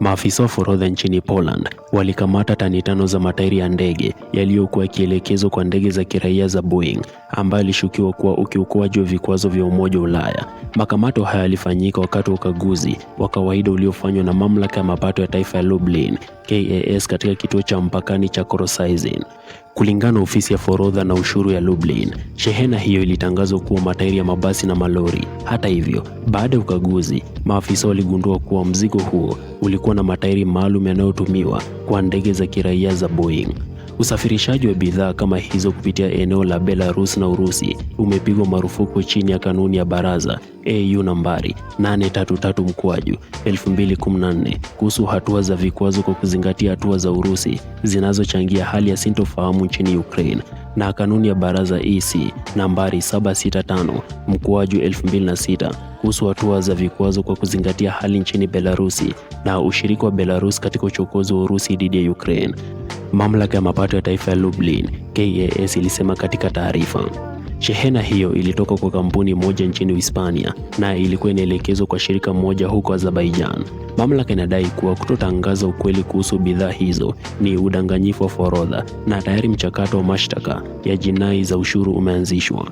Maafisa wa forodha nchini Poland walikamata tani tano za matairi ya ndege yaliyokuwa yakielekezwa kwa ndege za kiraia za Boeing, ambayo ilishukiwa kuwa ukiukuaji wa vikwazo vya Umoja wa Ulaya. Makamato haya yalifanyika wakati wa ukaguzi wa kawaida uliofanywa na Mamlaka ya Mapato ya Taifa ya Lublin KAS katika kituo cha mpakani cha Korosaizen. Kulingana ofisi ya forodha na ushuru ya Lublin, shehena hiyo ilitangazwa kuwa matairi ya mabasi na malori. Hata hivyo, baada ya ukaguzi, maafisa waligundua kuwa mzigo huo ulikuwa na matairi maalum yanayotumiwa kwa ndege za kiraia za Boeing. Usafirishaji wa bidhaa kama hizo kupitia eneo la Belarus na Urusi umepigwa marufuku chini ya kanuni ya Baraza AU nambari 833 mkwaju 2014 kuhusu hatua za vikwazo kwa kuzingatia hatua za Urusi zinazochangia hali ya sintofahamu nchini Ukraine na kanuni ya Baraza EC nambari 765 mkwaju 2006 kuhusu hatua za vikwazo kwa kuzingatia hali nchini Belarusi na ushiriki wa Belarus katika uchokozi wa Urusi dhidi ya Ukraine. Mamlaka ya mapato ya taifa ya Lublin KAS ilisema katika taarifa. Shehena hiyo ilitoka kwa kampuni moja nchini Hispania na ilikuwa inaelekezwa kwa shirika moja huko Azerbaijan. Mamlaka inadai kuwa kutotangaza ukweli kuhusu bidhaa hizo ni udanganyifu wa forodha na tayari mchakato wa mashtaka ya jinai za ushuru umeanzishwa.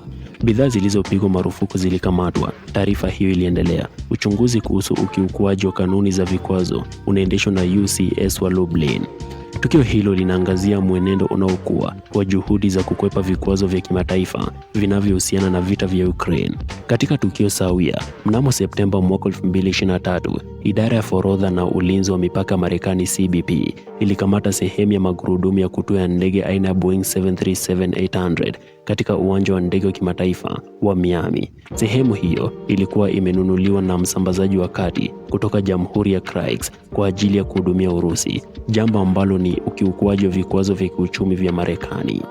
Bidhaa zilizopigwa marufuku zilikamatwa, taarifa hiyo iliendelea. Uchunguzi kuhusu ukiukwaji wa kanuni za vikwazo unaendeshwa na UCS wa Lublin. Tukio hilo linaangazia mwenendo unaokuwa wa juhudi za kukwepa vikwazo vya kimataifa vinavyohusiana na vita vya Ukraine. Katika tukio sawia, mnamo Septemba mwaka 2023, idara ya forodha na ulinzi wa mipaka Marekani CBP ilikamata sehemu ya magurudumu ya kutua ya ndege aina ya Boeing 737-800 katika uwanja wa ndege wa kimataifa wa Miami. Sehemu hiyo ilikuwa imenunuliwa na msambazaji wa kati kutoka Jamhuri ya Czech kwa ajili ya kuhudumia Urusi, jambo ambalo ni ukiukwaji wa vikwazo vya kiuchumi vya Marekani.